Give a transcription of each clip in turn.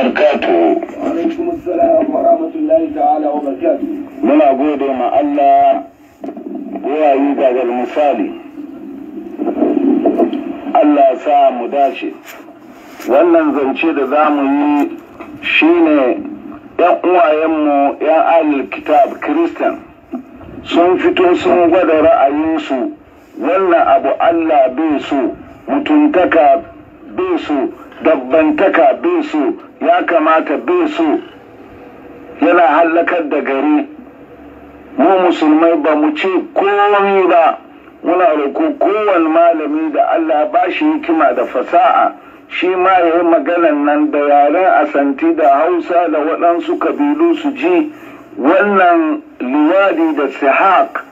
muna gode ma ورحمة الله تعالى وبركاته Allah sa mu dace wannan zance da za mu yi shine yan uwayenmu yan alil kitab kristan sun fito sun gwada ra'ayinsu wannan abu Allah bai so mutuntaka bai so dabbantaka bai so ya kamata bai so yana hallakar da gari mu musulmai ba mu ce komi ba muna roƙo kowane malami da allah ba shi hikima da fasa'a shi ma ya yi maganan nan da yaren asanti da hausa da waɗansu kabilu su ji wannan liwadi da sihak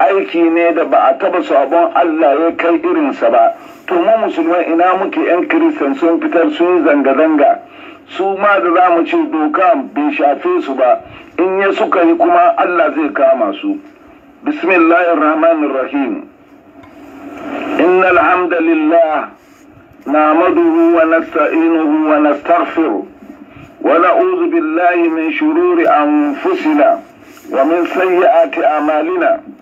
aiki ne da ba a taba sabon Allah ya kai irinsa ba to mu musulmai ina muke yan kiristan sun fitar sun yi zanga-zanga su ma da za mu ce doka bai shafe su ba in ya suka yi kuma Allah zai kama su bismillahirrahmanirrahim rahmanir rahim innal hamdalillah nahmaduhu wa nasta'inuhu wa nastaghfiruh wa na'udhu billahi min shururi anfusina wa min sayyiati a'malina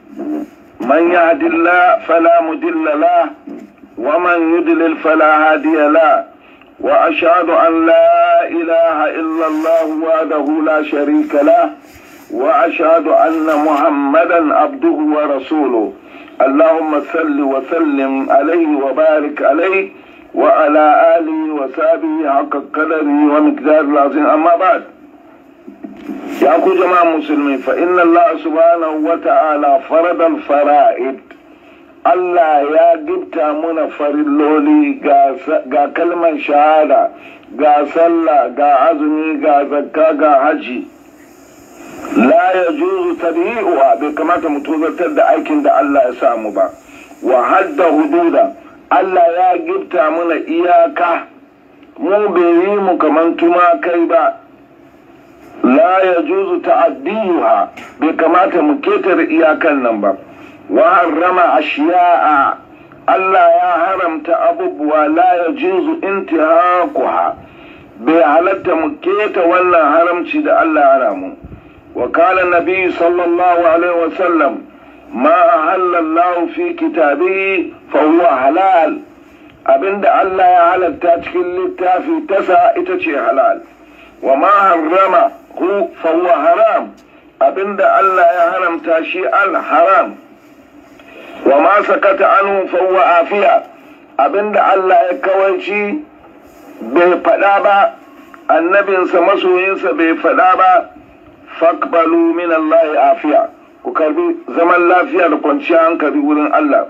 من يهد الله فلا مدل له ومن يدلل فلا هادي له وأشهد أن لا إله إلا الله وحده لا شريك له وأشهد أن محمدا عبده ورسوله اللهم صل وسلم عليه وبارك عليه وعلى آله وصحبه حق قدره ومقدار العظيم أما بعد ya ku jama'a musulmi fa inna Allah subhanahu wa ta'ala faradal fara'id Allah ya gifta muna farilloli ga kalmar shahada ga sallah ga azumi ga zakka ga haji la ya juzu tarihuwa bai kamata mu tozartar da aikin da Allah ya samu ba wa hadda hududa Allah ya gifta muna iyaka mu bai yi mu kaman tumakai ba لا يجوز تعديها بكما تمكتر إياكال نمبا وحرم أشياء ألا يا حرم تأبب ولا يجوز انتهاكها بحلت مكيت ولا حرم شد ألا حرم وقال النبي صلى الله عليه وسلم ما أحل الله في كتابه فهو حلال أبن الله يا حلت تاتك اللي تافي تسا إتشي حلال وما حرمه ko fahuwa haram abinda Allah ya haramta shi al-haram wa ma sakata anhu fahuwa afiya abinda Allah ya kawanci bai faɗa ba annabinsa masoyinsa bai faɗa ba fakbalu min Allah afiya ku karbi zaman lafiya da kwanciya hankali wurin Allah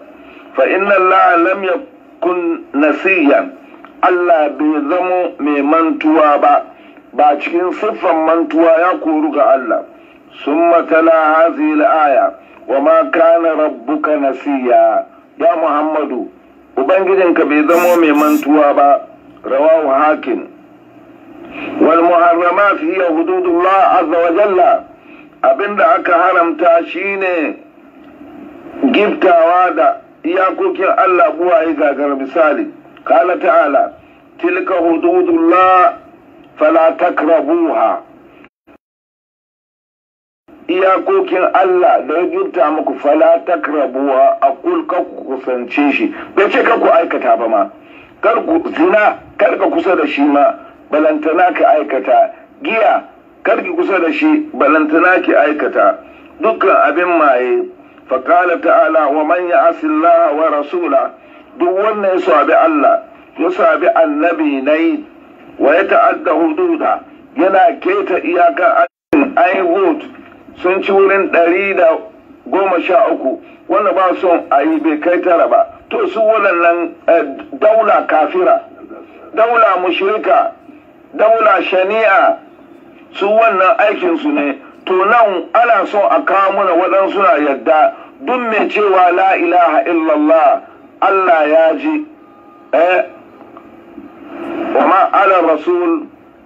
fa inna Allah lam yakun nasiyan Allah bai zamo mai mantuwa ba ba cikin siffan mantuwa ya koru ga Allah sun matala hazil aya wa ma kana rabbuka nasiya ya muhammadu ubangijinka bai zamo mai mantuwa ba rawahu hakin wal muharramat hiya hududullah azza wa jalla abinda aka haramta shine giftawa da iyakokin Allah buwaye gagar misali kala ta'ala tilka hududullah fala takrabuha iyakokin Allah da ya ginta muku fala rabuwa a kulka ku kusance shi bai ce kar ku aikata ba ma kar ku zina kar ka kusa da shi ma balantana ka aikata giya kar ki kusa da shi balantana ki aikata dukkan abin maye faƙala ta'ala wa man ya'asi Allah wa rasula duk wannan ya sabi Allah ya sabi annabi nayi wa ya ta'adda hududa yana keta iyakar ajin aihud sun ci wurin ɗari da goma sha uku wanda ba son a yi bai kai tara ba to su waɗannan eh, daula kafira daula mushrika daula shani'a su wannan aikinsu ne to nan ana son a kawo mana waɗansu na yadda duk mai cewa la ilaha illallah Allah ya ji eh, wa ma ala rasul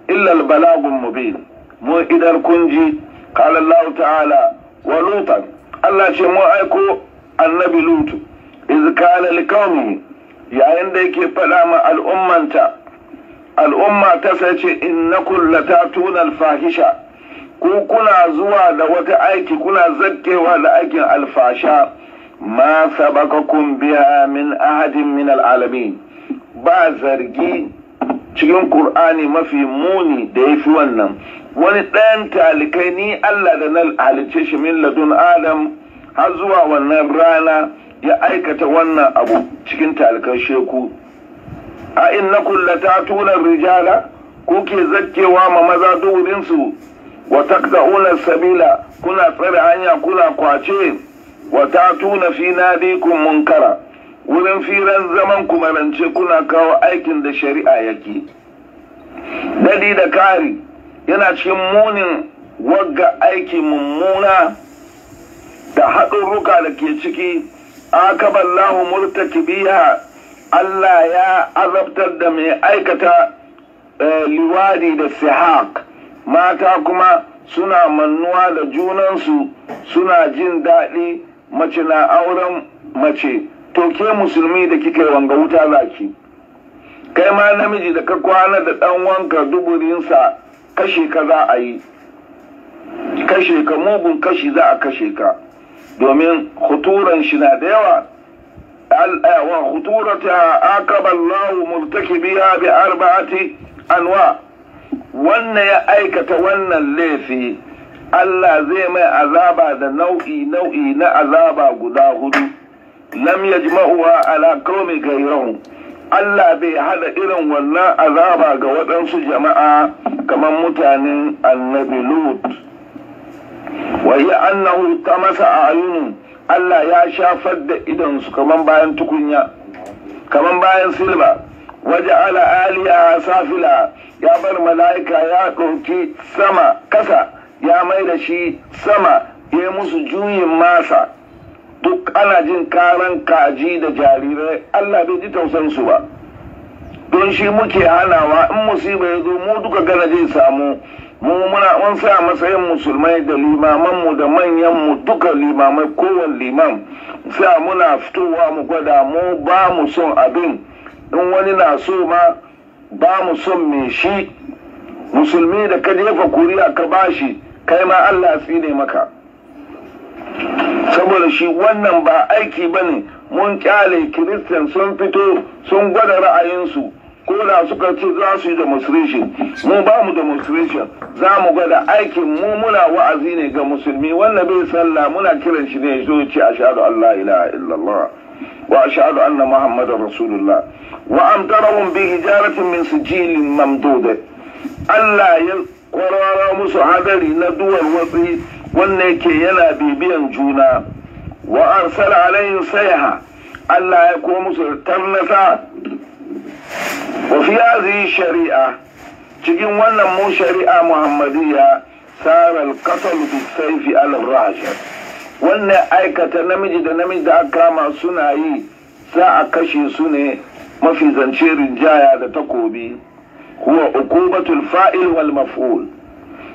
illa al balagun mubin mu idar kunji qala Allah ta'ala wa Allah ce mun aiko annabi lutu iz kana liqaumihi yayin da yake faɗa ma al'ummanta al'umma ta sace innakum latatuna al-fahisha ku kuna zuwa da wata aiki kuna zakkewa da aikin alfasha ma kun biya min ahadin min al'alamin ba zargi cikin ƙur'ani mafi muni da ya fi wannan wani ɗayan talikai ni Allah da na halicce shi min ladun Adam har zuwa wannan rana ya aikata wannan abu cikin talikan sheku a inna ta tunar rijala kuke zakkewa ma maza durinsu wa taqta'una sabila kuna tsare hanya kuna kwace wa tuna fi nadikum munkara wurin firar zaman kumarance kuna kawo aikin da shari'a yake dadi da kari yana cikin munin wagga aiki mummuna da haɗurruka da ke ciki akaballahu murtakibiya Allah ya azabtar da mai aikata eh, liwadi da sihak. mata kuma suna mannuwa da junansu suna jin daɗi mace na auren mace to ke musulmi da kika wanga wuta zaki kai ma namiji da ka kwana da dan wanka duburinsa kashe ka za a yi kashe ka mugun kashi za a kashe ka domin huturan shi na da yawa eh, wa huturata akaba Allahu murtakibiha bi arba'ati anwa wannan ya aikata wannan laifi Allah zai mai azaba da nau'i nau'i na azaba guda hudu lam yajma'uha ala qaumi ghayrahu Allah bai hada irin wannan azaba ga waɗansu jama'a kamar mutanen annabi Lut wa hiya annahu tamasa ayunun Allah ya shafar da idonsu kamar bayan tukunya kamar bayan silba waje ala aliya safila ya bar mala'ika ya ɗauki sama kasa ya mai da shi sama ya musu juyin masa duk ana jin karan kaji da jarirai Allah bai ji tausan ba don shi muke hanawa in musiba ya zo mu duka gana zai samu mu muna mun sa matsayin musulmai da limaman mu da manyan mu duka limamai kowane liman sa muna fitowa mu gwada mu ba mu son abin in wani na so ma ba mu son me shi musulmi da ka jefa kuri'a ka bashi kai ma Allah tsine maka saboda shi wannan ba aiki ba ne mun kyale kiristan sun fito sun gwada ra'ayinsu ko da suka ce za su yi demonstration mu ba mu demonstration za mu gwada aikin mu muna wa'azi ne ga musulmi wannan bai sallah muna kiran shi ne zo ce a an allah ilaha illallah wa ashhadu anna muhammadar rasulullah wa amtarahum bi hijaratin min sijilin Allah ya warwara musu hadari na duwar wasu wanda ke yana bibiyan juna wa arsala alayhi sayha Allah ya ko musu tarnasa wa fi hadhihi shari'a cikin wannan mu shari'a muhammadiyya sara qatl bi sayfi al wannan aikata namiji da namiji da aka kama suna yi za a kashe su ne mafi zance rinjaya da takobi huwa ukubatul fa'il wal maf'ul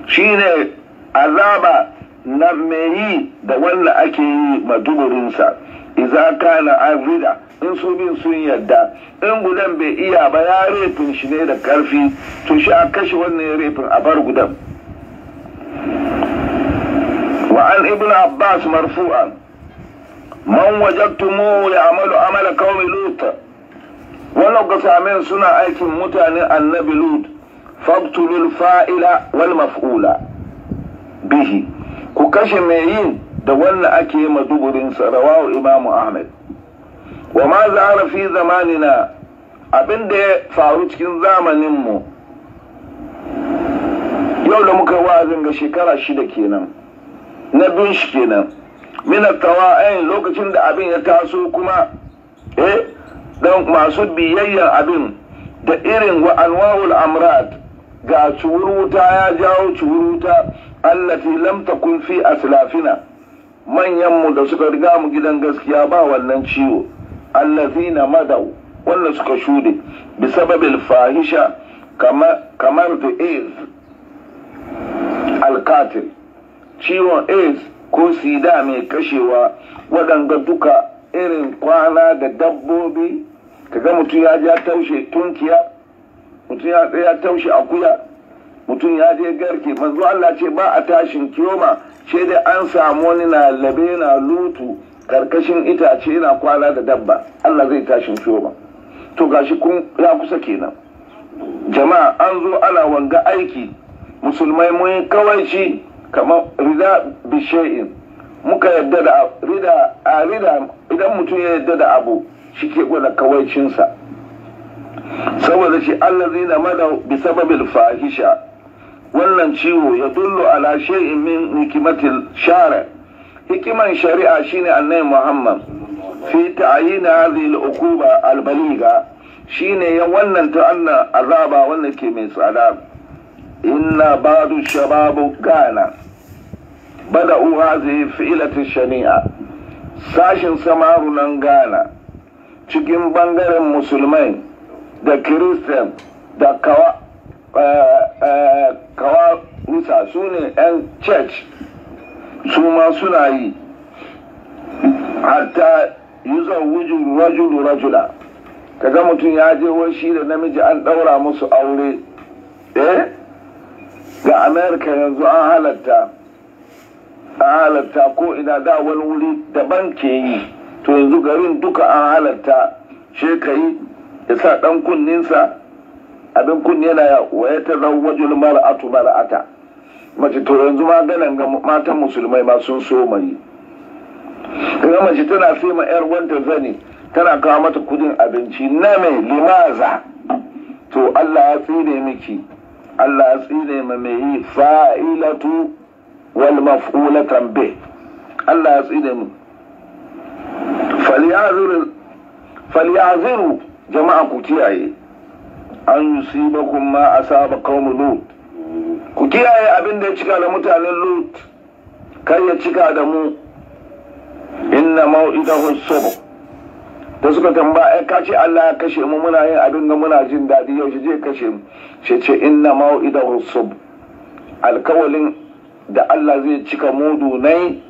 shine azaba na mai yi da wanda ake yi maduburinsa iza kana arida in su bin sun yadda in gudan bai iya ba ya refin shi ne da karfi to shi a kashe wannan refin a bar gudan وعن ابن عباس مرفوعا من وجدتموه يعمل عمل قوم لوط wannan kasamen suna aikin mutanen annabi lud faktulul fa'ila wal maf'ula bihi ku kashe mai yin da wannan ake yi maduburin sarawawa imamu ahmed wa ma zara fi zamanina abin da ya faru cikin zamaninmu yau da muka wa'azin ga shekara shida kenan na biyun shi kenan minar tawa'ayin lokacin da abin ya taso kuma eh don masu biyayya abin da irin wa anwa'ul amrad ga cuwuruta ya jawo cuwuruta allati lam takun fi aslafina manyanmu da suka riga mu gidan gaskiya ba wannan ciwo allazina madau wanda suka shude bi sababil fahisha kamar da aids alkatil ciwon aids ko sida mai kashewa waɗanda duka irin kwana da dabbobi kaga mutum ya ja taushe tunkiya mutum ya tsaya taushe akuya mutum ya je garke manzo Allah ce ba a tashin kiyoma ce dai an samu wani na labe na lutu karkashin itace yana kwana da dabba Allah zai tashin kiyoma to gashi kun ya kusa kenan jama'a an zo ana wanga aiki musulmai mun kawai shi kamar rida bishai'in muka yarda da rida a rida idan mutum ya yarda da abu shi ke gwada kawaicinsa saboda shi Allah zina mana bisababil fahisha wannan ciwo ya dullu ala shay'in min hikimatil shara hikiman shari'a shine annabi muhammad fi ta'yin hadhihi al-uquba al-baliga shine ya wannan ta annan azaba wannan ke mai tsada inna badu shababu gana bada'u hazihi fi'ilati shani'a sashin samaru nan gana cikin bangaren musulmai da kiristan da kawa eh, eh, kawa rusa su ne 'yan church su ma suna yi hatta yuzon wujin rajulu rajula kaga mutum ya je shi da namiji an ɗaura musu aure eh ga amerika yanzu an halatta halatta ko ina da wani wuri daban ke yi to yanzu garin duka an halatta shekai ya sa ɗan kunninsa abin kunni yana ya wayatar da wajen mar'atu mar'ata mace to yanzu maganan ga matan musulmai ma sun so mai ga mace tana sai ma yar wanta zani tana kawo mata kudin abinci na mai limaza to Allah ya tsine miki Allah ya tsine ma mai yi fa'ilatu wal maf'ulatan bi Allah ya tsine mu falyaziru jama'a ku kiyaye an yusibakum ma saba qaumu lut ku kiyaye abin da ya cika da mutanen lut kar ya cika da mu inna mau'idahu subh Ta suka tambaya ka ce Allah ya kashe mu muna yin abin da muna jin daɗi yau shi je kashe mu shi ce inna mau'idahu subh alkawalin da Allah zai cika mudu na yi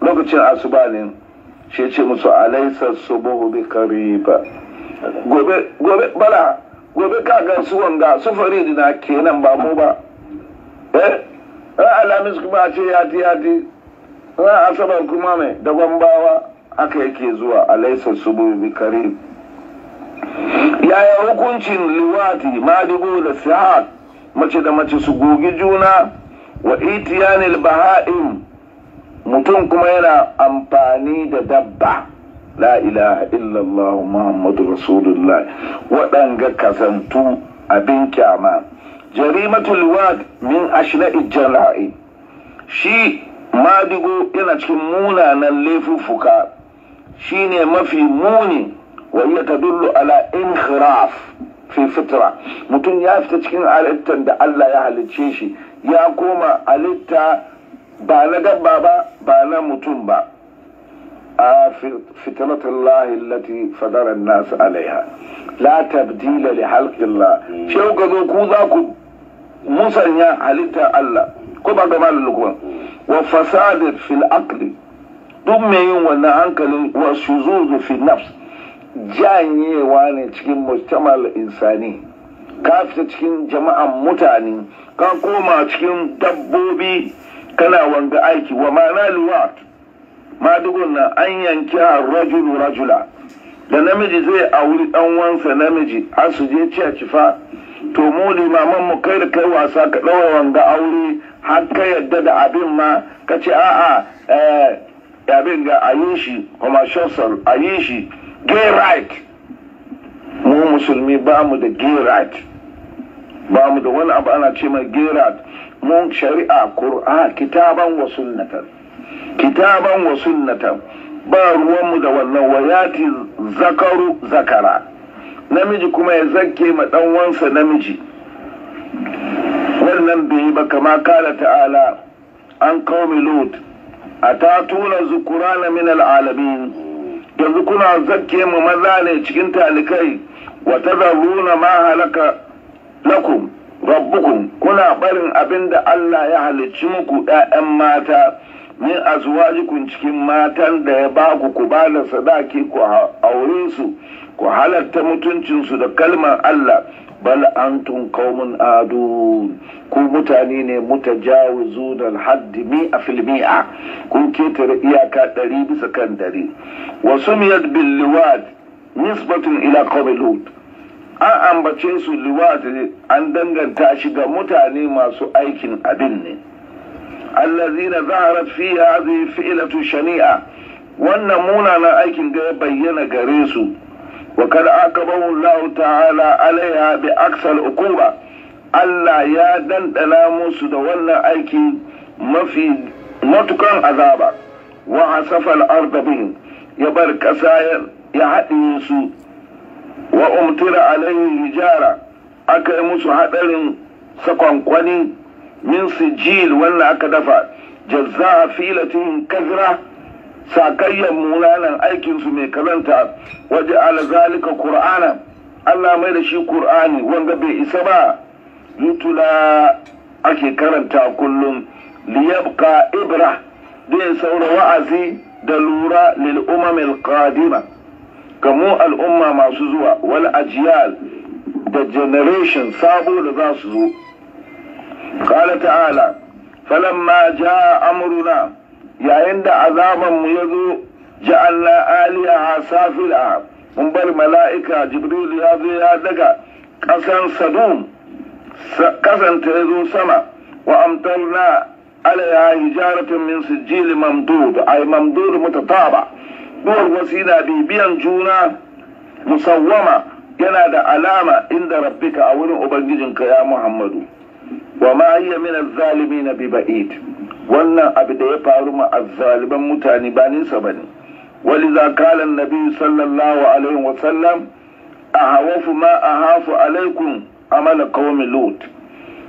lokacin asuba ne shi ce musu alaisa subuhu bi kariba gobe gobe bala gobe ka ga su wanga su faridi na kenan ba mu ba eh, eh alamis kuma ce ya ci-ya yati ran eh, asabar kuma mai da gwambawa haka yake zuwa alaisa subuhu bi karib yaya hukuncin liwati madigo da sihat mace da mace su gogi juna wa itiyanil baha'im mutum kuma yana amfani da dabba la ilaha illallah muhammadu rasulullah waɗanga kasantu abin kyama jarimatul wad min ashna'i jala'i shi madigo yana cikin munanan laifuffuka shine mafi muni wa iya tadullu ala inhiraf fi fitra mutum ya fita cikin halittar da Allah ya halicce shi ya koma halitta ba na gaba ba ba na mutum ba a fitratullahi lati fadaran nasu alaiha la tabdila li halqillah ce ku gazo ku za ku musanya halitta Allah ko ba ga malul wa fasadin fil akli duk mai yin wannan hankalin wa shuzuzu fi nafs janyewa ne cikin mujtamal insani ka fita cikin jama'an mutane ka koma cikin dabbobi kana wanga aiki wa ma'ana luwat ma na an yanki a rajulu rajula da namiji zai auri dan wansa namiji a su je ci a cifa to mu limaman mu kai da kai wasa ka ɗaura wanga aure har ka yadda da abin ma ka ce a'a eh, abin ga a shi commercial a yi shi gay right mu musulmi ba mu da gay right ba mu da wani abu ana ce mai gerat mun shari'a qur'an kitaban wa sunnatan kitaban wa sunnatan ba ruwanmu da wannan wayati zakaru zakara namiji kuma ya zakke ma dan wansa namiji wannan bai ba kama kala ta'ala an qaumi lut zukura na min alalamin yanzu kuna zakke mu maza ne cikin talikai wa tazaruna ma halaka lakum rabbukum kuna barin abin da Allah ya halicci muku ɗayan mata min azwajikum cikin matan da ya ba ku ku ba da sadaki ku aure su ku halatta mutuncinsu da kalmar Allah bal antum qaumun adun ku mutane ne mutajawizu dal haddi mi a filmi'a kun ketare iyaka ɗari bisa kan ɗari wasu miyar bil liwad nisbatun ila qaumi lut an ambace su liwat an danganta shi ga mutane masu aikin abin ne allazina zaharat fi hadhihi fi'latu shani'a wannan munanan aikin ga bayyana gare su wa kad akabahu Allah ta'ala alaiha bi aksal ukuba Allah ya dandana musu da wannan aiki mafi matukan azaba wa asafa al ya bar kasa ya haɗe su wa umtira alaihi hijara aka yi musu haɗarin sakwankwani min sijil wanda aka dafa jazza a filatin kazra sakayyar munanan aikinsu mai kazanta waje alazalika qur'ana allah mai da shi kur'ani wanda bai isa ba yutula ake karanta kullum liyabka ibra da saura wa'azi da lura lil umamil qadima ga mu al'umma masu zuwa wal ajiyal da generation sabo da za su zo qala ta'ala falamma jaa amruna yayin da azaban mu yazo ja'alna aliyaha safila mun bar mala'ika jibril ya zo ya daga kasan sadum kasanta ya zo sama wa amtarna alaiha hijaratun min sijil mamdud ay mamdud mutataba buwar wasu na bibiyan juna musawwama yana da alama inda rabbika a wurin ubangijinka ya muhammadu wa ma hiya min na bi ba'id wannan abu da ya faru ma azzaliban mutane ba nisa bane ولذا قال النبي صلى الله عليه وسلم أهوف ما أهاف عليكم عمل قوم لوط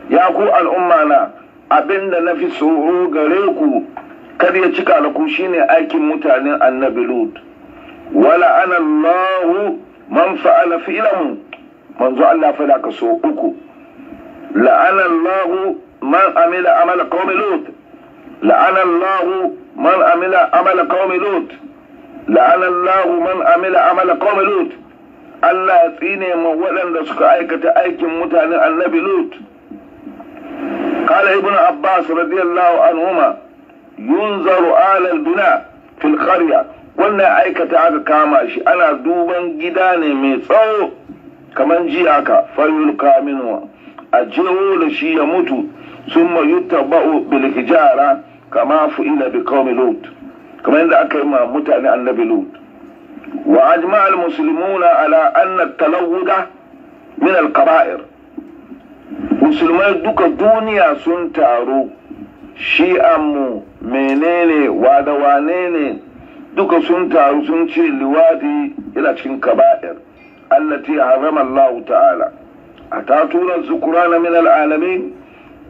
يا ku al'umma na da na fi tsoro gare ku kada ya cika alku shine aikin mutanen annabi lut wala ana allahu man fa'ala fi'lahu manzo Allah fa da so uku ana allahu man amila amala qaumi lut ana allahu man amila amala qaumi lut ana allahu man amila amala qaumi lut Allah ya tsine ma waɗanda suka aikata aikin mutanen annabi lut قال ابن عباس رضي الله عنهما yunzaru alal bina fil qarya wannan aikata aka kama shi ana duban gida ne mai tsawo kamar ji haka fayyul kaminu a jeho da shi ya mutu sun mayuta ba'u bil hijara kama fu'ila bi qaumi lut kamar yadda aka yi ma mutane annabi lut wa ajma al muslimuna ala anna talawuda min al kaba'ir musulmai duka duniya sun taru shi'an mu menene wada wane ne duka sun taru sun ce liwadi ila cikin kaba'ir allati harama Allah ta'ala a ta tura na min al'alamin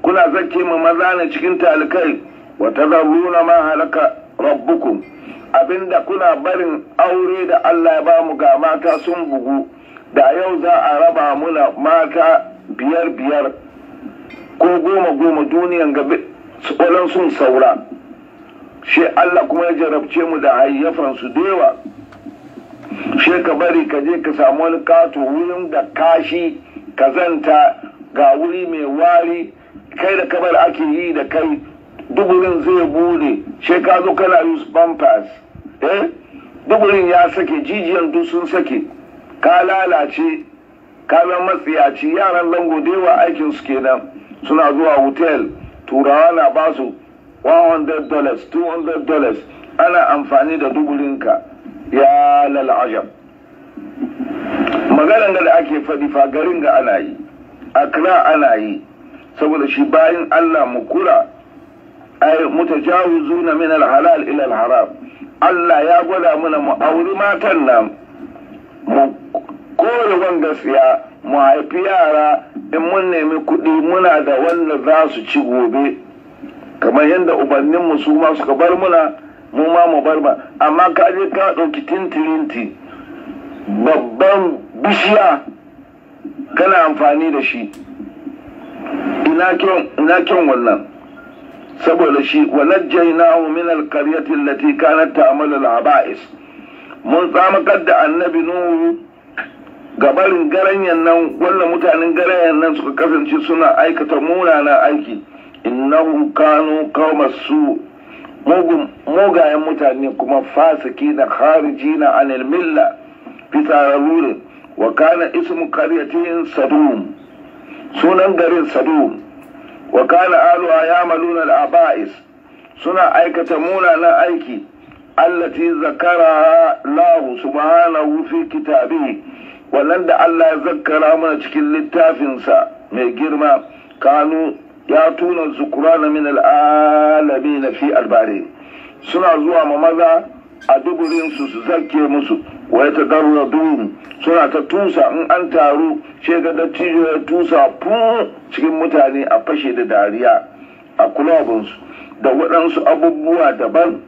kuna zake ma maza ne cikin talikai wa na ma halaka rabbukum abinda kuna barin aure da Allah ya bamu ga mata sun bugu da yau za a raba muna mata biyar biyar ko goma goma duniyan gabe sun saura shi Allah kuma ya jarabce mu da hayyafan su dewa she ka bari ka je ka samu wani kato wurin da kashi kazanta ga wuri mai wari kai da kabar ake yi da kai dugurin zai bude she ka zo kana use bumpers eh dugurin ya sake jijiyan duk sun sake ka lalace ka zama matsiyaci yaran lango dewa aikinsu aikin su kenan suna zuwa hotel turawa na basu 100 200 ana amfani da dubulinka ya lalajab Maganin da ake faɗi fagarin ga ana yi a kira ana yi saboda shi bayan allah mu ta ay mutajawizuna min alhalal ila alharam allah ya gwada mana mu auri matan nan mu kore gaskiya mu haifi yara in mun nemi kuɗi muna da wanda za su ci gobe kamar yadda ubanninmu su ma suka bar muna mu ma mu bar ba amma ka je ka ɗauki tintirinti babban bishiya kana amfani da shi ina kyan wannan saboda shi wa na min alqaryati lati kanat ta'malu al-aba'is mun tsamakar da annabi nuhu gabarin garanyan nan wannan mutanen garanyan nan suka kasance suna aikata munana aiki innahum kanu qauma su mugayen mutane kuma fasiki na khariji na anil milla fitararru ne wa kana ismu qaryatin sadum sunan garin sadum wa kana alu ayamaluna al-aba'is suna aikata munanan aiki allati zakara lahu subhanahu fi kitabihi wannan da Allah ya zakkara mana cikin littafinsa mai girma kanu ya tuna zukurana na min al'alami na fi albari suna zuwa ma maza a duburinsu su zarke musu wa ta darura duhun suna ta tusa in an taru ce ga dattijo ya tusa fu cikin mutane a fashe da dariya a kulobinsu da waɗansu abubuwa daban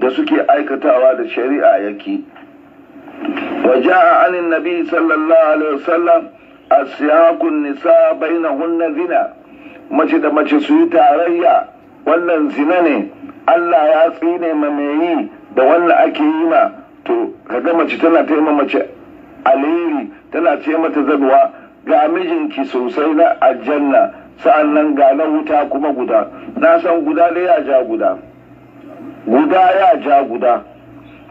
da suke aikatawa da shari'a yake anin nabi sallallahu alaihi wasallam a siyakun nisa na na zina. mace da mace su yi tarayya wannan zina ne Allah ya tsine ma mai yi da wannan ake yi ma to kaga mace tana taima mace alheri tana ce mata zadwa ga mijinki sosai na aljanna sa'annan ga na wuta kuma guda na san guda da ya ja guda guda ya ja guda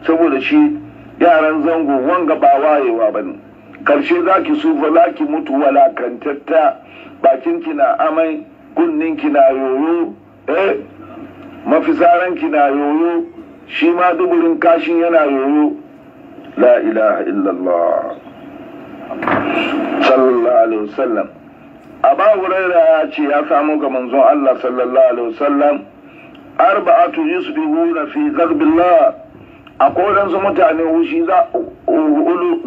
saboda shi yaran zango wanga ba wayewa bane karshe zaki sufa zaki mutu walakantatta bakinki na amai kunninki na yoyo eh mafisaranki na yoyo shi ma duburin kashin yana yoyo la ilaha illallah sallallahu alaihi wasallam aba huraira ya ce ya samu ga manzon Allah sallallahu alaihi wasallam arba'atu yusbihuna fi ghadbillah akwai wadansu mutane hushi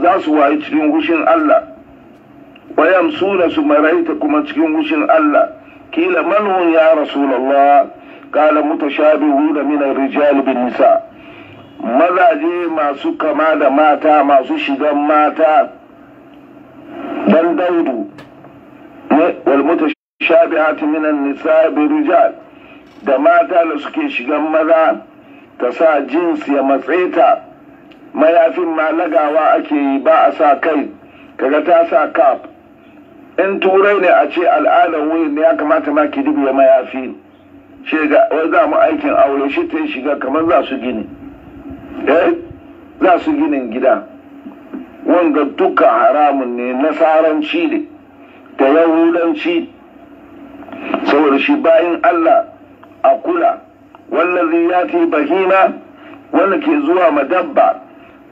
za su wayi cikin hushin Allah wa yamsuna su maraita kuma cikin wushin Allah kila manhun ya rasulullah kala mutashabihuna min rijal bin nisa mazaje masu kama da mata masu shigan mata dan daudu wal mutashabihat min an-nisa bi rijal da mata da suke shigan maza ta sa jins ya matse ta mayafin ma lagawa ake yi ba a sa kai kaga ta sa kaf in turai ne a ce al'adar wurin ne ya kamata ma ki dubiya mayafi shi ga wai za mu aikin aure shi ta shiga kamar za su gini eh za su ginin gida wanga duka haramun ne nasaranci ne da yahudanci saboda shi bayan allah a kula wallazi ya fi bahima wanda ke zuwa madabba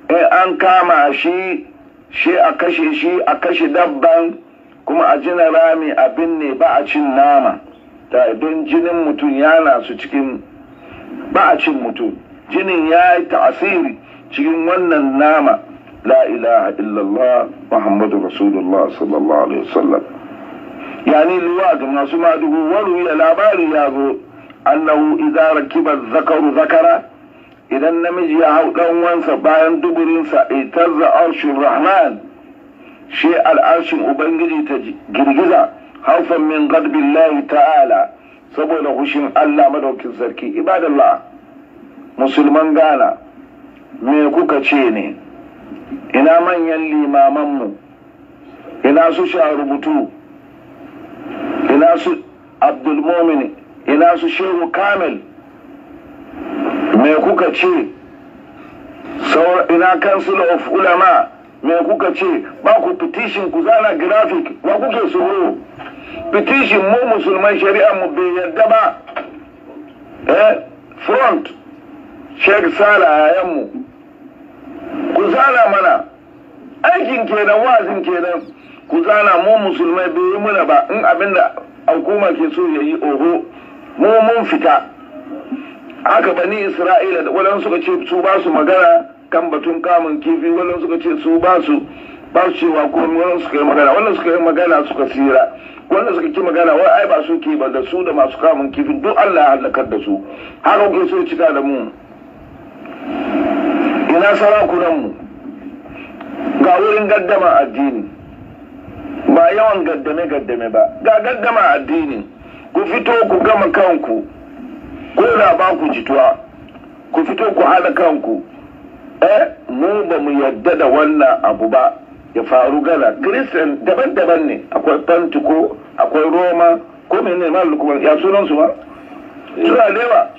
in eh, an kama shi shi a kashe shi a kashe dabban kuma a jina rami abin ne ba a cin nama ta don jinin mutum yana su cikin ba a cin mutum jinin ya yi ta'asiri cikin wannan nama la ilaha illallah muhammadu rasulullah sallallahu alaihi wasallam yani luwa ga masu madugu wani ya labari ya zo annahu idza rakiba zakaru zakara idan namiji ya hau dan wansa bayan duburinsa itazza arshur rahman shi al'arshin ubangiji ta girgiza harfan min gadbillahi ta'ala saboda hushin Allah madaukin sarki ibadallah musulman gana me kuka ce ne ina manyan limamanmu ina su rubutu ina su abdulmomin ina su shehu kamil me kuka ce ina kansu of ulama me kuka ce ba ku petition ku zana graphic wa kuke tsoro petition mu musulman shari'a mu bai yarda ba eh front sheikh sala yayanmu ku zana mana aikin kenan wazin kenan ku zana mu musulmai bai yi muna ba in abinda hukuma ke so ya yi oho mu mun fita haka bani isra'ila da waɗansu suka ce su ba su magana kan batun kamun kifi wannan suka ce su ba su ba su cewa komai wannan suka yi magana wannan suka yi magana suka tsira wannan suka ki magana wai ai ba su ke ba da su da masu kamun kifi duk Allah ya halakar da su haka kuke so cika da mu ina nan mu ga wurin gaddama addini ba yawan gaddame gaddame ba ga gaddama addini ku fito ku gama kanku ko da ba ku jituwa ku fito ku hada kanku eh mu ba mu yadda da wannan abu ba ya faru gana christian daban-daban ne akwai pantiko akwai roma ko menene ma lukuma ya sunan su ba suna lewa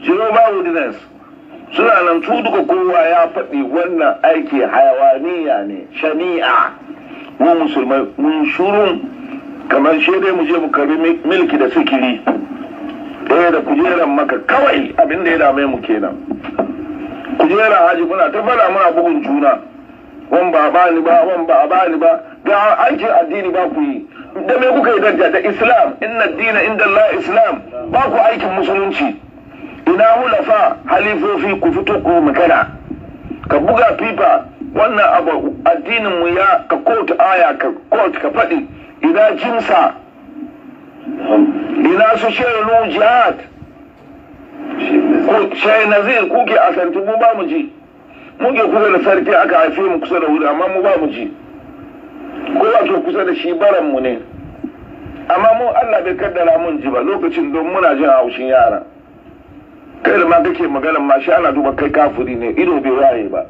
jehovah witness suna nan su duka kowa ya faɗi wannan aiki hayawaniya ne shani'a mu musulmai mun shurun kamar shaidai mu je mu karbi milki da sikiri ɗaya da kujerar maka kawai abinda ya dame mu kenan kujera haji muna ta fara muna bugun juna wan ba ba ni ba wan ba ba ni ba ga aikin addini ba ku yi da me kuka yi dajja da islam inna dina inda la islam ba ku aikin musulunci ina hulafa halifofi ku fito ku magana ka buga fifa wannan abu addinin mu ya ka kotu aya ka kotu ka faɗi ina jinsa ina su shirin jihad na zai kuke a sarki mu ba mu ji muke kusa da sarki aka haife mu kusa da wuri amma mu ba mu ji kowa ke kusa da shi baran mu ne amma mu Allah bai kaddara mun ji ba lokacin don muna jin haushin yara kai da ma kake magana ma shi ana duba kai kafuri ne ido bai waye ba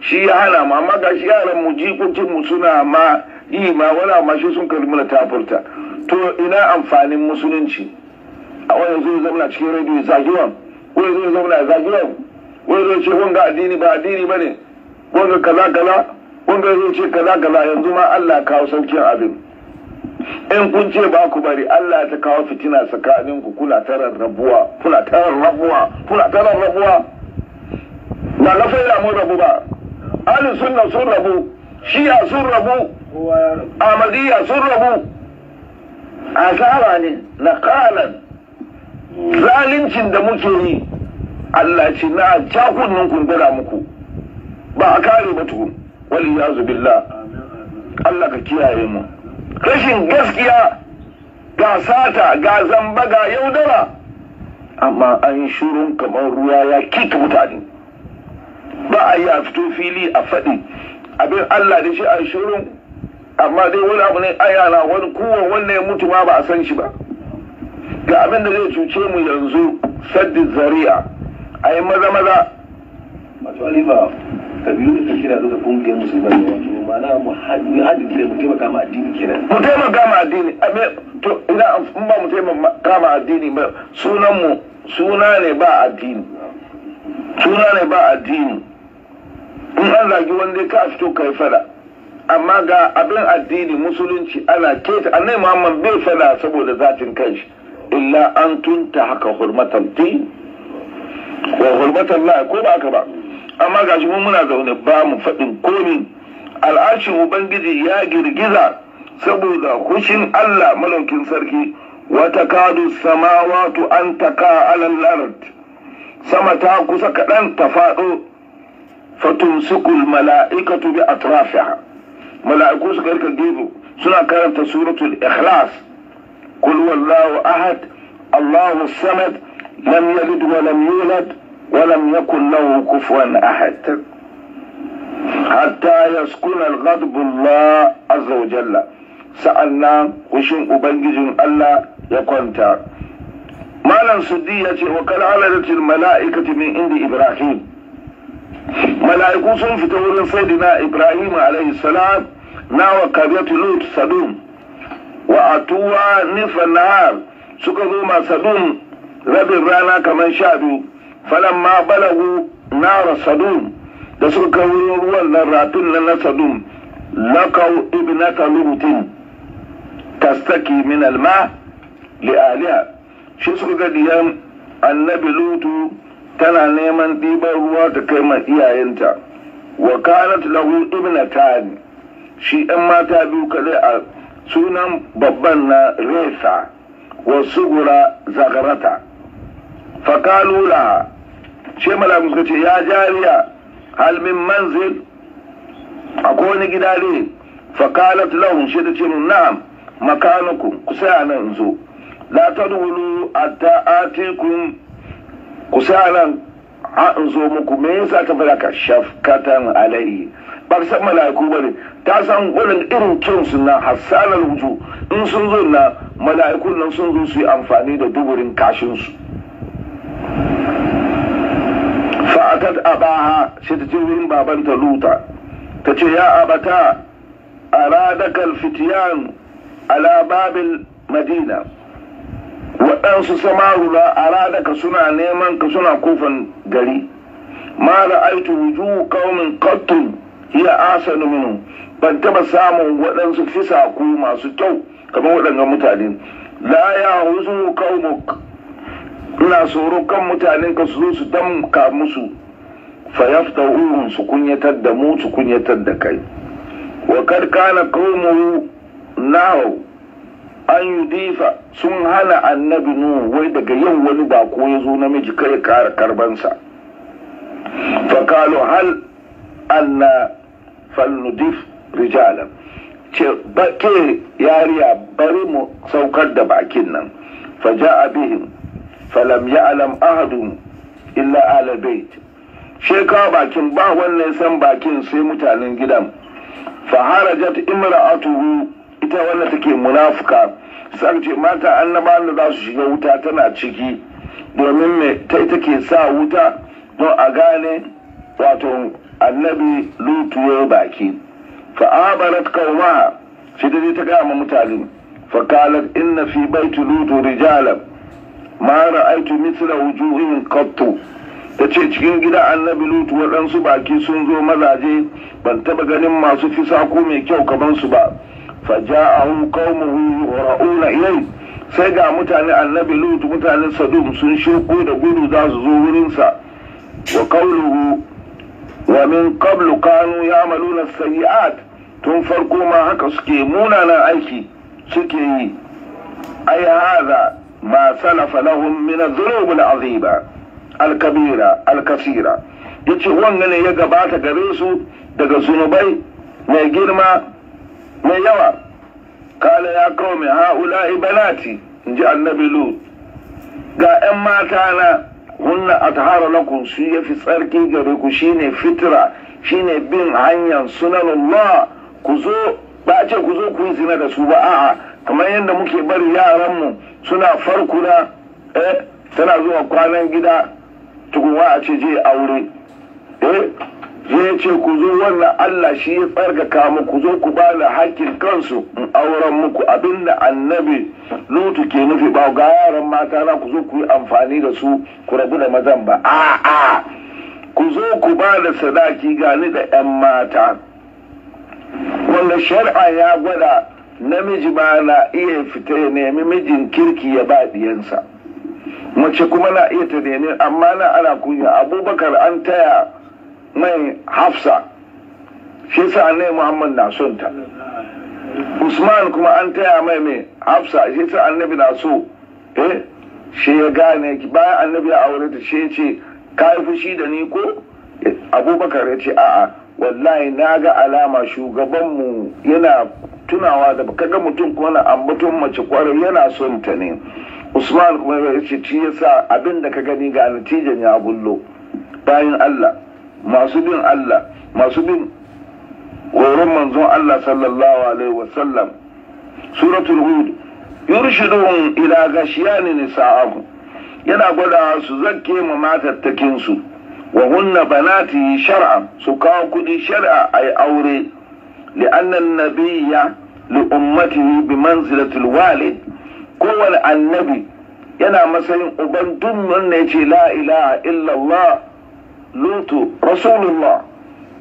shi ya hana mu amma ga shi yaran mu jikokin mu suna ma yi ma wala ma shi sun mu na tafurta to ina amfanin musulunci a wani zai zauna cikin rediyo zagiwan wani zai zauna zagiwan wani zai ce wanga addini ba addini ba ne wanga kaza kaza wanga zai ce kaza kaza yanzu ma Allah kawo saukin abin in kun ce ba ku bari Allah ta kawo fitina tsakanin ku kuna ta rarrabuwa kuna ta rarrabuwa kuna ta rarrabuwa ba na faida mun rabu ba ahli sunna sun rabu shi'a sun rabu ahmadiyya sun rabu asara ne na kanan zalincin da muke yi Allah ce na jakunan kundura muku ba a kare ba tukun wali ya zubilla Allah ka kiyaye mu rashin gaskiya ga sata ga zamba ga yaudara amma an shirin kamar ruwa ya kika mutane ba a yi a fito fili a faɗi abin Allah da shi an shirin amma dai wani abu ne ayana wani kowa wannan ya mutu ma ba a san shi ba ga abin da zai cuce mu yanzu saddi zari'a a yi maza maza masu alifa kabilu da ta kira duka kungiyar musulmai ne wato ma'ana mu haɗin kai mu taimaka ma addini kenan mu taimaka ma addini a to ina in ba mu taimaka ma addini ba sunan mu suna ne ba addini suna ne ba addini in an zagi wanda ka fito kai fada amma ga abin addini musulunci ana keta annai muhammad bai fada saboda zatin kanshi illa an tunta haka hurmatar din wa hurmatar la ko ba haka ba amma gashi mun muna zaune ba mu faɗin komi al'ashin ubangiji ya girgiza saboda hushin Allah malaukin sarki wata kadu samawatu an taka alal lard sama ta kusa kaɗan ta faɗo fatumsukul mala'ikatu bi atrafiha mala'iku suka rika gefe suna karanta suratul ikhlas قل هو الله أحد الله الصمد لم يلد ولم يولد ولم يكن له كفوا أحد حتى يسكن الغضب الله عز وجل سألنا وشن أبنجز الله يكون تار لن صدية وقال علدت الملائكة من عند إبراهيم ملائكة في سنفتور سيدنا إبراهيم عليه السلام نا wa لوط lut wa atuwa nisfan nahar suka zo masu dun rabin rana kamar sha biyu falamma nara sadun da suka kai wurin ruwan nan ratun nan na sadun lakau ibnata lubutin tastaki min alma li aliha shi suka ga diyan annabi lutu tana neman ɗiban ruwa ta kai ma iyayenta wa kanat lahu ibnatani shi ɗan mata biyu kadai a sunan babban na resa wa gura zagarata fakalula ce malamu suka ce ya jariya halmin manzil a wani gida ne fakalat lahun shi da ce na makanukun ku sai nan zo la tadwulu a ta'atikun ku sai nan zo muku me yasa ka fara ka shafkatan alai ba ka san mala'iku ba ne ta san waɗanda irin kinsu na hasanar wuju in sun zo na mala'ikun nan sun zo su yi amfani da duburin kashinsu fa'atat abaha shi ta ce wurin babanta luta ta ce ya abata aradakal fitiyan alababin madina waɗansu samarula aradaka suna neman ka suna kofan gari ma ra'aitu wuju kaumin kattun ya asanu minhu ban taba samun waɗansu fisa ku masu kyau kamar waɗannan mutane la ya huzu qaumuk ina tsoro kan mutanen ka su zo su damka musu fa uhun su kunyatar da mu su kunyatar da kai wa kad kana qaumuhu an yudifa sun hana annabi nu wai daga yau wani bako ya zo namiji kai karbansa fa hal hal anna falnudif rijalan ce ke yariya bari mu saukar da bakin nan faja abihin falam alam ahadun illa ala bait bakin ba wannan san bakin sai mutanen gidan faharajat imra'atuhu ita wannan take munafuka san ce mata annaba da za su shiga wuta tana ciki domin me ta ita ke sa wuta don a gane wato annabi lutu ya baki fa'abarat kauma shi ta ta gama mutane fakalar inna fi baiti lutu rijalan ma ra'aitu misra wujuhin qattu ta ce cikin gida annabi lutu waɗansu baki sun zo mazaje ban taba ganin masu ko mai kyau kamar su ba faja'ahu qaumuhu ra'una ilai sai ga mutane annabi lutu mutanen sadum sun shirko da gudu za su zo wurinsa wa qawluhu wa min qablu kanu ya'maluna sayyi'at tun farko ma haka suke munanan aiki suke yi ai hadha ma salafa lahum min adh-dhunub al-'azima al-kabira al ne ya gabata gare su daga zunubai mai girma mai yawa kala ya kawo mai ha'ula'i banati in ji annabi lut ga 'yan mata na hunna athara lakum su ya fi tsarki gare ku shine fitra shine bin hanyar Allah ku zo ba ce ku zo ku yi zina da su ba a'a kamar yadda muke bari yaranmu suna farkuna eh tana zuwa kwanan gida tukunwa a ce je aure eh ya ce ku zo wannan Allah shi ya tsarkaka mu ku zo ku ba da hakkin kansu in auren muku abinda annabi lutu ke nufi ba ga yaran mata na ku zo ku yi amfani da su ku rabu da mazan ba a'a ku zo ku ba da sadaki gani da 'yan mata wanda shari'a ya gwada namiji ba na iya fita ya nemi mijin kirki ya ba diyansa mace kuma na iya ta nemi amma na ana kunya abubakar an taya mai hafsa shi sa annai muhammad na son ta usman kuma an taya mai mai hafsa shi sa annabi na so eh shi ya gane ki bayan annabi ya aure ta shi ce ka yi fushi da ni ko abubakar ya ce a'a wallahi na ga alama shugabanmu yana tunawa da ga mutum kuma na ambaton mace kwarar yana son ta ne usman kuma ya ce ci yasa abin da ka gani ga natijan ya bullo bayan allah masu bin Allah masu bin horon manzon Allah sallallahu alaihi wasallam suratul hud yurshiduhum ila gashiyani nisa'ahum yana gwada su zakke ma matattakin su wa hunna banati shar'a su kawo kudi shar'a ay aure li anna nabiyya li ummatihi bi manzilatil walid kowane annabi yana matsayin uban duk wanda ce la ilaha illallah lutu rasulullah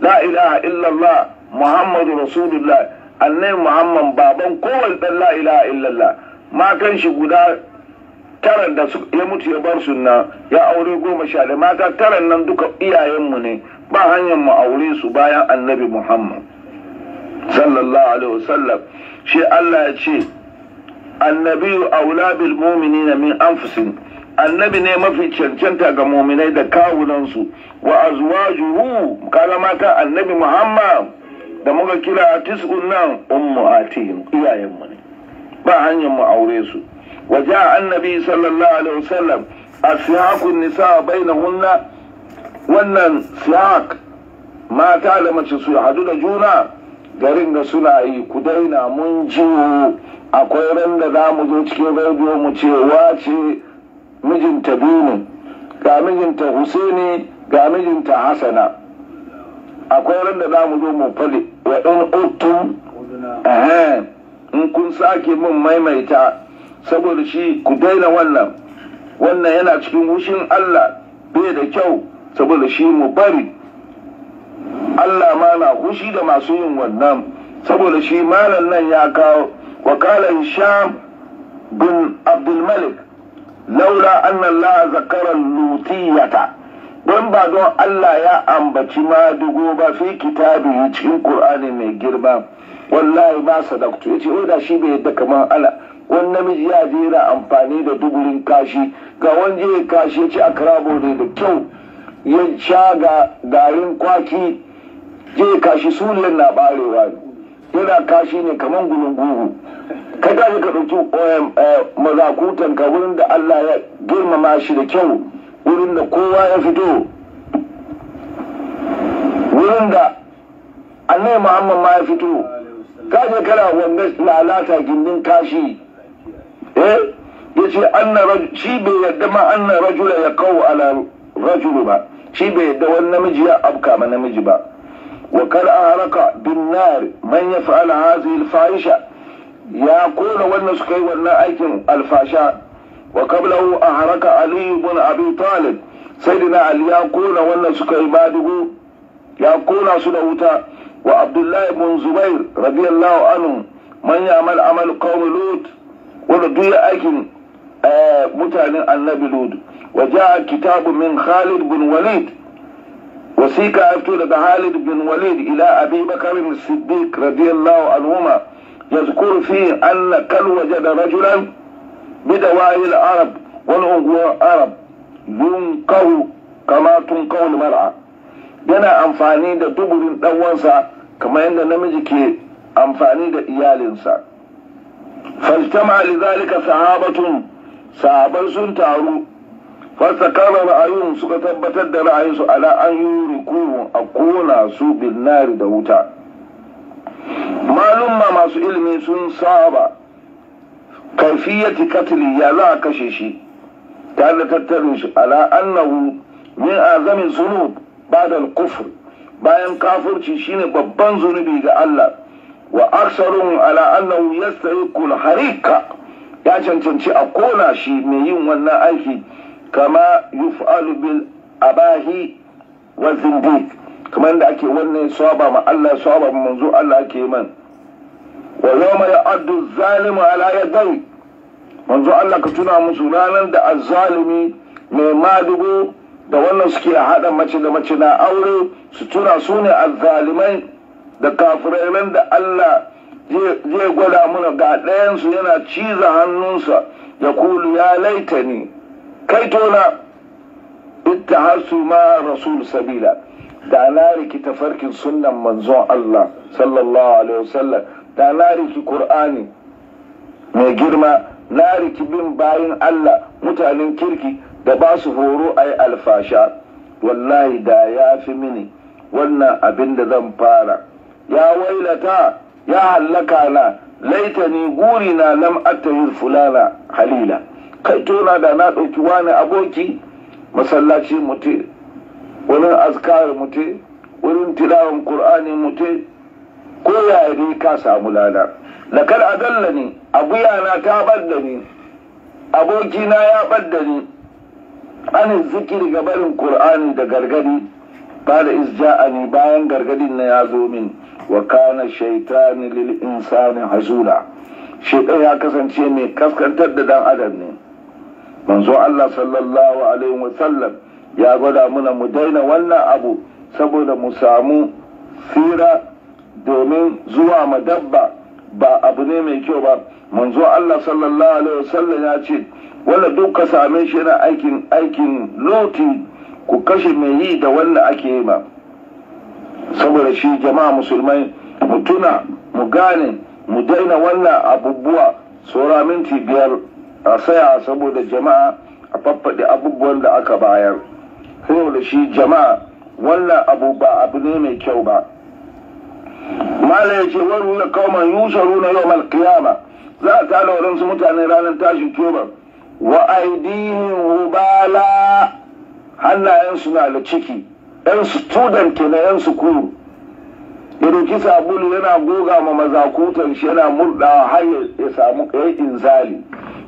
la ilaha illallah muhammadu rasulullah annai muhammad baban kowane dan la ilaha illallah matan shi guda taran da ya mutu ya bar sunna ya aure goma sha da mata taran nan duka iyayenmu ne ba hanyar mu aure su bayan annabi muhammad sallallahu alaihi wasallam shi allah ya ce annabi aula bil mu'minina min anfusihim annabi ne mafi cancanta ga muminai da kawunansu wa azwajuhu kaga mata annabi muhammad da muka kira tis'un nan ummu atihim iyayenmu ne ba hanyar mu aure su wa ja'a annabi sallallahu alaihi wasallam ashaqun nisa bainahunna wannan sihak mata da mace su hadu da juna garin da suna yi ku daina mun ji akwai ran da za mu zo cikin rediyo mu ce wace mijinta binu ga mijinta husaini ga mijinta hasana akwai ran za mu zo mu faɗi wa in utum in kun sake min maimaita saboda shi ku daina wannan wannan yana cikin wushin Allah bai da kyau saboda shi mu bari Allah ma na hushi da masu yin wannan saboda shi malam nan ya kawo wakalan sham bin abdulmalik laula anna la zakara lutiyata don ba don Allah ya ambaci madugo ba fi kitabi cikin Kur'ani mai girma wallahi ba sadaktu yace o da shi bai yadda kamar ala wani namiji ya je amfani da dubulin kashi ga wani je kashi ya ci akrabo ne da kyau ya sha ga garin kwaki je kashi sulen na barewa yana kashi ne kamar gulungugu ka tashi ka ɗauki eh, mazakutan ka wurin da Allah ya girmama shi da kyau wurin da kowa ya fito wurin da annai muhammad ma ya fito ka je kana wanda lalata gindin kashi eh ya ce shi bai yadda ma anna rajula ya kawo ala rajulu ba shi bai yadda wani namiji ya abka ma namiji ba wa kar a haraka bin nar man ya fa'ala hazil fahisha ya kona wannan suka yi wannan aikin alfasha wa kablahu a haraka aliyu bin abi talib sai dina ali ya kona wannan suka yi madugu ya kona su da wuta wa abdullahi bin zubair radiyallahu anhu man ya'mal amal qaumi lut wanda duk aikin eh, mutanen annabi lut wa ja'a kitabu min khalid bin walid wasiƙa ya fito daga khalid bin walid ila abi bakar siddiq radiyallahu anhuma يذكر فيه أن كل وجد رجلا بدواي العرب والعقوى العرب ينقه كما تنقه المرأة ينا أنفاني دا دبر دوانسا كما عند نمجك أنفاني دا إيالنسا فاجتمع لذلك صحابة صحابة سنتارو فاستقال رأيهم سكتبت الدرائس على أن يوركوهم أقول سوء بالنار دوتا malumma masu ilimi sun saba kaifiyati katili ya za a kashe shi tare da tattarin shi ala annahu min azamin zunub bada kufur bayan kafurci shine babban zunubi ga Allah wa aksarun ala annahu yastahiqul harika ya cancanci a kona shi mai yin wannan aiki kama yuf'alu bil abahi wa zindiq kamar da ake wannan saba ma Allah saba ma manzo Allah ake man wa yawma ya'addu zalimu ala yadai manzo Allah ka tuna musu ranar da azzalimi mai madugo da wannan suke hada mace da mace na aure su tuna su ne azzalimai da kafirai da Allah zai gwada mana ga ɗayansu yana ciza hannunsa ya kulu ya laita ni kai tona ita ma rasul sabila da na riki tafarkin sunan manzon Allah sallallahu alaihi wasallam da na riki Qur'ani mai girma na riki bin bayan Allah mutanen kirki da ba su horo yi alfasha wallahi da ya fi mini wannan abin da zan fara ya wailata ya hallaka na laitani guri na lam attayin fulana halila kai tona da na ɗauki wani aboki masallaci mutum wurin azkar mutu wurin tilawan qur'ani mutu ko ya dai ka samu lada lakar adalla ne abu yana ta badda ni abokina ya badda ni an zikiri ga barin qur'ani da gargadi ba da izja'ani bayan gargadin na ya zo min wa kana shaitani lil insani hazula shaitan ya kasance mai kaskantar da dan adam ne manzo Allah sallallahu alaihi wa sallam ya gwada muna mu daina wannan abu saboda mu samu tsira domin zuwa madabba ba abu ne mai kyau ba manzo Allah sallallahu alaihi wasallam ya ce wanda duk ka same shi na aikin aikin loti ku kashe mai yi da wanda ake yi ba saboda shi jama'a musulmai mu tuna mu gane mu daina wannan abubuwa tsora minti biyar a saya saboda jama'a a faffaɗe abubuwan da aka bayar. yau da shi jama'a wannan abu ba abu ne mai kyau ba mala ya ce wani na kauma yusharu na yau malkiyama za a tara waɗansu mutane ranar tashin toba wa aidihin hubala hannayensu na da ciki yan student ke na yan sukuru ya doki sabulu yana goga ma mazakutan shi yana murɗawa har ya samu ya inzali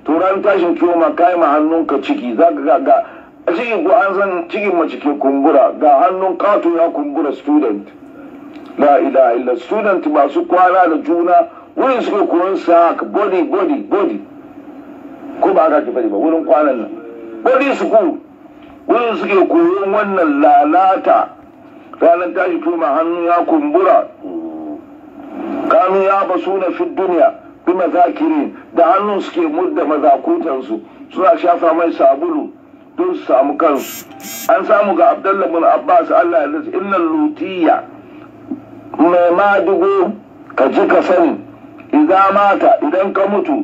to ran tashin kiyoma kai ma hannunka ciki za ka ga a cikin ku an san cikin mace ke kumbura ga hannun kato ya kumbura student la ilaha illa student masu kwana da juna wurin suke koyon sak body body body ko ba ka kifari ba wurin kwanan nan body school wurin suke koyon wannan lalata ranar tashi tuma hannu ya kumbura kanu ya ba suna fi duniya bi mazakirin da hannun suke mudda mazakutansu suna shafa mai sabulu don su samu kansu an samu ga abdullah bin abbas allah ya nasu. inna lutiya mai madugo ka ji ka sani idan mata idan ka mutu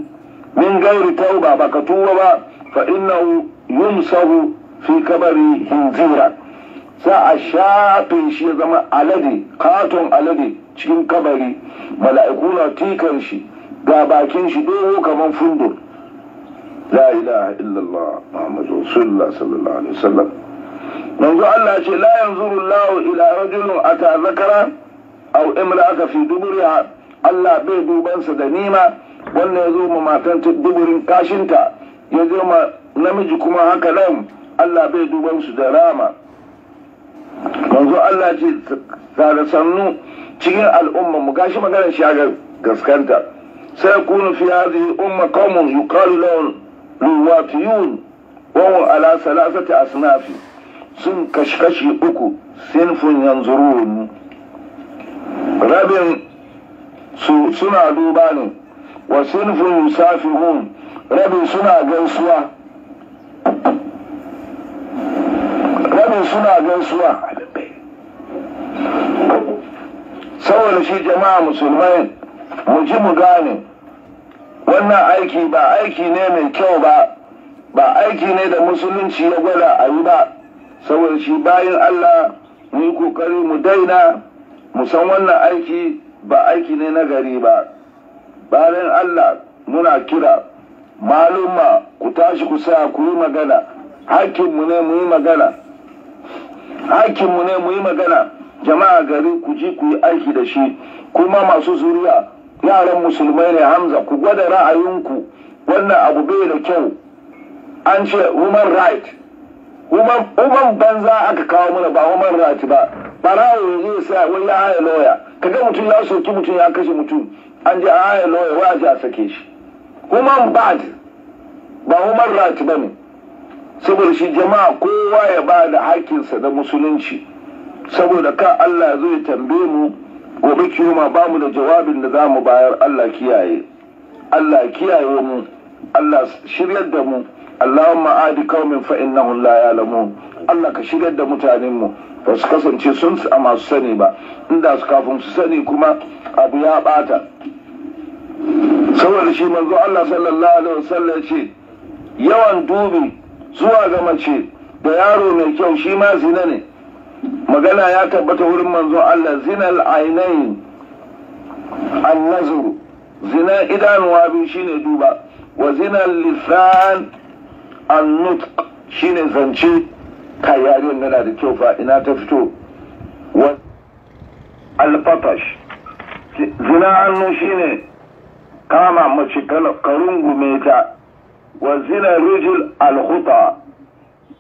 min gairi tauba ba ka tuba ba fa yin sahu fi kabari hinzira za a shafin shi ya zama alade katon alade cikin kabari mala'iku na tikan shi ga bakin shi dogo kamar fundur la ilaha illallah muhammadu rasulullah sallallahu alaihi wasallam manzo Allah ce la yanzuru Allah ila rajulin ata zakara aw imra'ata fi duburiha Allah bai duban sa da nima wannan yazo ma matan ta duburin kashinta yazo ma namiji kuma haka nan Allah bai duban su da rama manzo Allah ce da sannu cikin al'umma mu gashi magana shi ga gaskanta sai kunu fi hadhihi umma qaumun yuqalu lahum ruwatiyun wahum ala salasati asnafi sun kashkashi uku sinfin yanzurun rabin su suna duba ne wa sinfin yusafihun rabin suna gaisuwa rabin suna gaisuwa saboda shi jama'a musulmai mu ji mu gane wannan aiki ba aiki ne mai kyau ba ba aiki ne da musulunci ya gwada a yi ba saboda shi bayan allah mu yi kokari mu daina mu san wannan aiki ba aiki ne na gari ba bayan allah muna kira malumma ku tashi ku sa ku yi magana hakkinmu ne mu yi magana ne mu yi magana jama'a gari ku ji ku yi aiki da shi kuma masu zuriya yaran musulmai ne hamza ku gwada ra'ayinku wannan abu bai da kyau an ce human right human banza aka kawo mana ba human right ba barawo ya zai sa wani ya haya lawyer ga mutum ya soki mutum ya kashe mutum an je a haya lawyer wa a sake shi human bad ba human right ba ne saboda shi jama'a kowa ya ba da hakinsa da musulunci saboda ka Allah zai tambaye mu gobe kiyoma ba mu da jawabin da za mu bayar Allah kiyaye Allah kiyaye mu Allah shiryar da mu Allahumma adi qaumin fa innahum la ya'lamun Allah ka shiryar da mutanen mu ba su kasance sun a masu sani ba inda su kafin su sani kuma abu ya bata saboda shi manzo Allah sallallahu alaihi wasallam ce yawan dubi zuwa ga mace da yaro mai kyau shi ma zina ne magana ya tabbata wurin manzo Allah zinal ainain annazur zina idanuwa biyu shine duba wa zinal lisan annut shine zance ka yarin da kyau fa ina ta fito wa alfatash zina annu shine kama mace karungu rungume ta wa zina rijil alhuta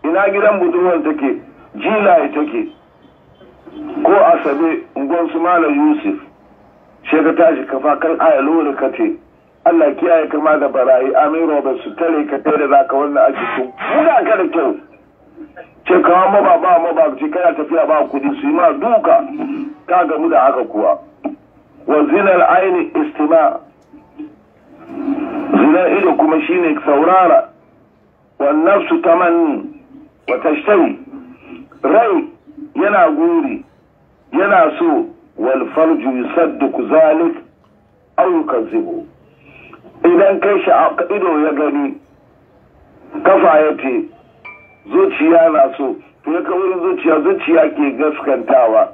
ina gidan budurwar take jilaye take ko asabe unguwar su malam yusuf she ka tashi ka kan aya lori ka ce Allah kiyaye ka da barayi amin robar su tare ka tare da ka wannan aji su buga ka da kyau ce kawo maba ba maba ce kana tafiya ba kudi su yi ma duka ka gamu da haka kuwa wa zinar aini istima zinar ido kuma shine saurara wa nafsu tamanni wa tashtari rai yana guri yana so wal farju yusaddiqu zalik aw yukazzibu idan kai shi ido ya gani kafa ya ce zuciya na so to ya kawo zuciya zuciya ke gaskantawa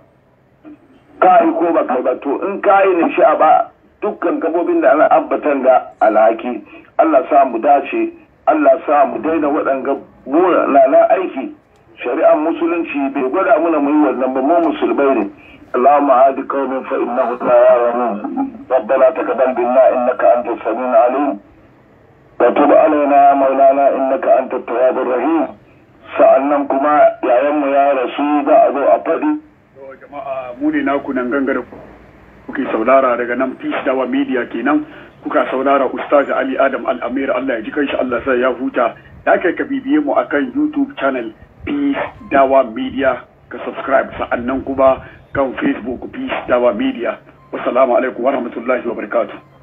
ka yi ko ba kai ba to in ka ne shi a ba dukkan kabobin da ana abbatan da alhaki Allah sa mu dace Allah sa mu daina waɗanga aiki shari'ar musulunci bai gwada muna mu yi wannan ba mu musulmai ne اللهم هاد قوم فإنه لا يعلمون ربنا تقبل منا إنك أنت السميع العليم وتب علينا يا مولانا إنك أنت التواب الرحيم sa'annan kuma yayan mu ya rasu za a zo a faɗi. jama'a mu ne naku nan gangare kuke saurara daga nan peace dawa media kenan kuka saurara ustaz ali adam al-amir allah ya ji kanshi allah sai ya huta da ka bibiye mu akan youtube channel peace dawa media ka subscribe sa'annan kuma kan facebook peace dawa media wassalamu alaikum warahmatullahi wabarakatuh